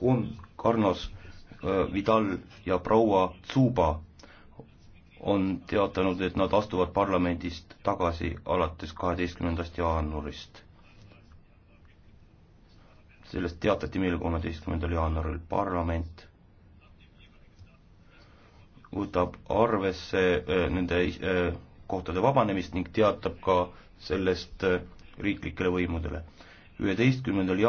Juan Carlos äh, Vidal ja proua Tsuba on teatanud, et nad astuvad parlamendist tagasi alates kaheteistkümnendast jaanuarist. sellest teatati meile kolmeteistkümnendal jaanuaril. parlament võtab arvesse äh, nende äh, kohtade vabanemist ning teatab ka sellest riiklikele võimudele. üheteistkümnendal